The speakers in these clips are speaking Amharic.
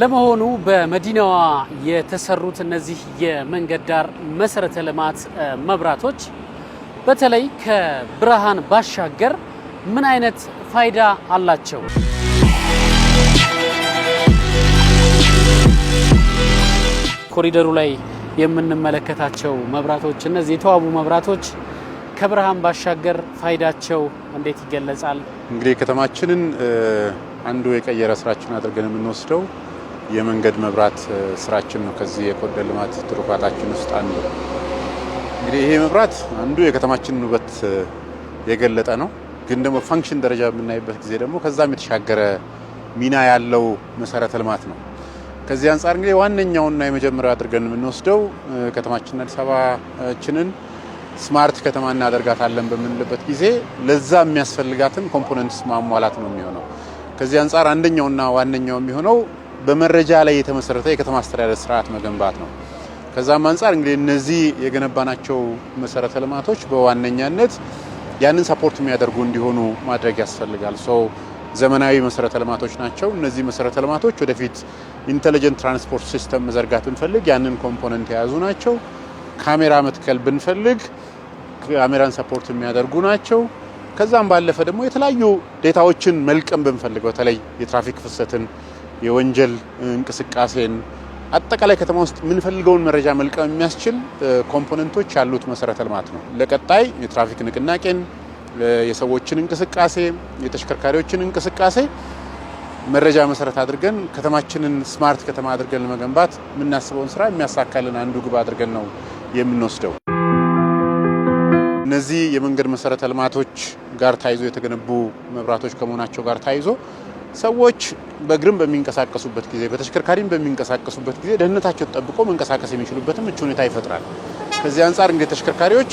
ለመሆኑ በመዲናዋ የተሰሩት እነዚህ የመንገድ ዳር መሰረተ ልማት መብራቶች በተለይ ከብርሃን ባሻገር ምን አይነት ፋይዳ አላቸው? ኮሪደሩ ላይ የምንመለከታቸው መብራቶች እነዚህ የተዋቡ መብራቶች ከብርሃን ባሻገር ፋይዳቸው እንዴት ይገለጻል? እንግዲህ ከተማችንን አንዱ የቀየረ ስራችን አድርገን የምንወስደው የመንገድ መብራት ስራችን ነው። ከዚህ የኮሪደር ልማት ትሩፋታችን ውስጥ አንዱ እንግዲህ ይሄ መብራት አንዱ የከተማችንን ውበት የገለጠ ነው። ግን ደግሞ ፋንክሽን ደረጃ በምናይበት ጊዜ ደግሞ ከዛም የተሻገረ ሚና ያለው መሰረተ ልማት ነው። ከዚህ አንጻር እንግዲህ ዋነኛውና የመጀመሪያ አድርገን የምንወስደው ከተማችን አዲስ አበባችንን ስማርት ከተማ እናደርጋታለን በምንልበት ጊዜ ለዛ የሚያስፈልጋትን ኮምፖነንትስ ማሟላት ነው የሚሆነው። ከዚህ አንጻር አንደኛውና ዋነኛው የሚሆነው በመረጃ ላይ የተመሰረተ የከተማ አስተዳደር ስርዓት መገንባት ነው። ከዛም አንጻር እንግዲህ እነዚህ የገነባናቸው መሰረተ ልማቶች በዋነኛነት ያንን ሰፖርት የሚያደርጉ እንዲሆኑ ማድረግ ያስፈልጋል። ሰው ዘመናዊ መሰረተ ልማቶች ናቸው። እነዚህ መሰረተ ልማቶች ወደፊት ኢንተለጀንት ትራንስፖርት ሲስተም መዘርጋት ብንፈልግ ያንን ኮምፖነንት የያዙ ናቸው። ካሜራ መትከል ብንፈልግ ካሜራን ሰፖርት የሚያደርጉ ናቸው። ከዛም ባለፈ ደግሞ የተለያዩ ዴታዎችን መልቀም ብንፈልግ በተለይ የትራፊክ ፍሰትን የወንጀል እንቅስቃሴን አጠቃላይ ከተማ ውስጥ የምንፈልገውን መረጃ መልቀም የሚያስችል ኮምፖነንቶች ያሉት መሰረተ ልማት ነው። ለቀጣይ የትራፊክ ንቅናቄን፣ የሰዎችን እንቅስቃሴ፣ የተሽከርካሪዎችን እንቅስቃሴ መረጃ መሰረት አድርገን ከተማችንን ስማርት ከተማ አድርገን ለመገንባት የምናስበውን ስራ የሚያሳካልን አንዱ ግብ አድርገን ነው የምንወስደው። እነዚህ የመንገድ መሰረተ ልማቶች ጋር ተያይዞ የተገነቡ መብራቶች ከመሆናቸው ጋር ተያይዞ ሰዎች በእግርም በሚንቀሳቀሱበት ጊዜ በተሽከርካሪም በሚንቀሳቀሱበት ጊዜ ደህንነታቸው ተጠብቆ መንቀሳቀስ የሚችሉበትም ምቹ ሁኔታ ይፈጥራል። ከዚህ አንጻር እንግዲህ ተሽከርካሪዎች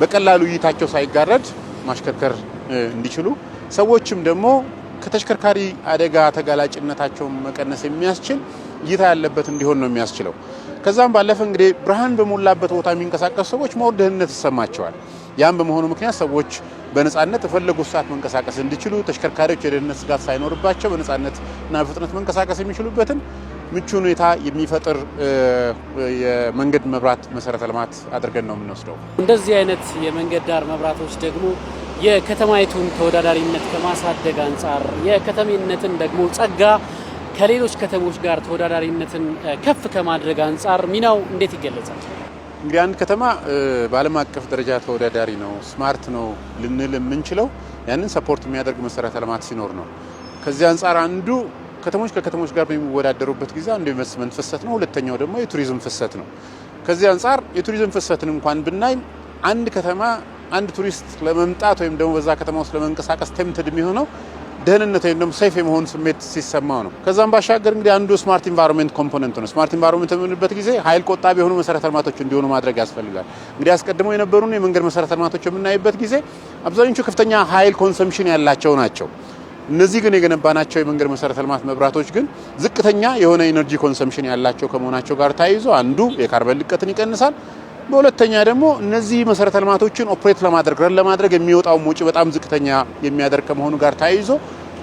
በቀላሉ እይታቸው ሳይጋረድ ማሽከርከር እንዲችሉ ሰዎችም ደግሞ ከተሽከርካሪ አደጋ ተጋላጭነታቸውን መቀነስ የሚያስችል እይታ ያለበት እንዲሆን ነው የሚያስችለው። ከዛም ባለፈ እንግዲህ ብርሃን በሞላበት ቦታ የሚንቀሳቀሱ ሰዎች መወር ደህንነት ይሰማቸዋል። ያም በመሆኑ ምክንያት ሰዎች በነጻነት የፈለጉ ሰዓት መንቀሳቀስ እንዲችሉ ተሽከርካሪዎች የደህንነት ስጋት ሳይኖርባቸው በነጻነትና በፍጥነት መንቀሳቀስ የሚችሉበትን ምቹ ሁኔታ የሚፈጥር የመንገድ መብራት መሰረተ ልማት አድርገን ነው የምንወስደው። እንደዚህ አይነት የመንገድ ዳር መብራቶች ደግሞ የከተማይቱን ተወዳዳሪነት ከማሳደግ አንጻር የከተሜነትን ደግሞ ጸጋ ከሌሎች ከተሞች ጋር ተወዳዳሪነትን ከፍ ከማድረግ አንጻር ሚናው እንዴት ይገለጻል? እንግዲህ አንድ ከተማ በዓለም አቀፍ ደረጃ ተወዳዳሪ ነው፣ ስማርት ነው ልንል የምንችለው ያንን ሰፖርት የሚያደርግ መሰረተ ልማት ሲኖር ነው። ከዚህ አንጻር አንዱ ከተሞች ከከተሞች ጋር በሚወዳደሩበት ጊዜ አንዱ ኢንቨስትመንት ፍሰት ነው፣ ሁለተኛው ደግሞ የቱሪዝም ፍሰት ነው። ከዚህ አንጻር የቱሪዝም ፍሰትን እንኳን ብናይ አንድ ከተማ አንድ ቱሪስት ለመምጣት ወይም ደግሞ በዛ ከተማ ውስጥ ለመንቀሳቀስ ቴምትድ የሚሆነው ደህንነት ወይም ደግሞ ሴፍ የመሆን ስሜት ሲሰማው ነው። ከዛም ባሻገር እንግዲህ አንዱ ስማርት ኢንቫይሮንመንት ኮምፖነንት ነው። ስማርት ኢንቫይሮንመንት የምንልበት ጊዜ ኃይል ቆጣቢ የሆኑ መሰረተ ልማቶች እንዲሆኑ ማድረግ ያስፈልጋል። እንግዲህ አስቀድመው የነበሩን የመንገድ መሰረተ ልማቶች የምናይበት ጊዜ አብዛኞቹ ከፍተኛ ኃይል ኮንሰምሽን ያላቸው ናቸው። እነዚህ ግን የገነባናቸው የመንገድ መሰረተ ልማት መብራቶች ግን ዝቅተኛ የሆነ ኢነርጂ ኮንሰምሽን ያላቸው ከመሆናቸው ጋር ተያይዞ አንዱ የካርበን ልቀትን ይቀንሳል፣ በሁለተኛ ደግሞ እነዚህ መሰረተ ልማቶችን ኦፕሬት ለማድረግ ረን ለማድረግ የሚወጣውን ወጪ በጣም ዝቅተኛ የሚያደርግ ከመሆኑ ጋር ተያይዞ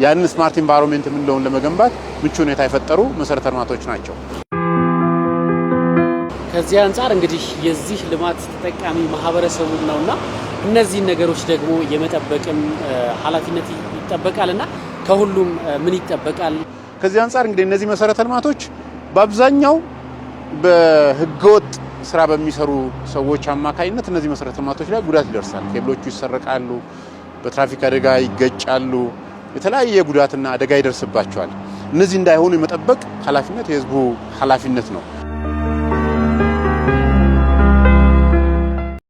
ያንን ስማርት ኢንቫይሮንሜንት የምንለውን ለመገንባት ምቹ ሁኔታ የፈጠሩ መሰረተ ልማቶች ናቸው። ከዚህ አንጻር እንግዲህ የዚህ ልማት ተጠቃሚ ማህበረሰቡ እና እነዚህን ነገሮች ደግሞ የመጠበቅም ኃላፊነት እና ከሁሉም ምን ይጠበቃል? ከዚህ አንጻር እንግዲህ እነዚህ መሰረተ ልማቶች በአብዛኛው በህገወጥ ስራ በሚሰሩ ሰዎች አማካኝነት እነዚህ መሰረተ ልማቶች ላይ ጉዳት ይደርሳል። ኬብሎቹ ይሰረቃሉ፣ በትራፊክ አደጋ ይገጫሉ፣ የተለያየ ጉዳትና አደጋ ይደርስባቸዋል። እነዚህ እንዳይሆኑ የመጠበቅ ኃላፊነት የህዝቡ ኃላፊነት ነው።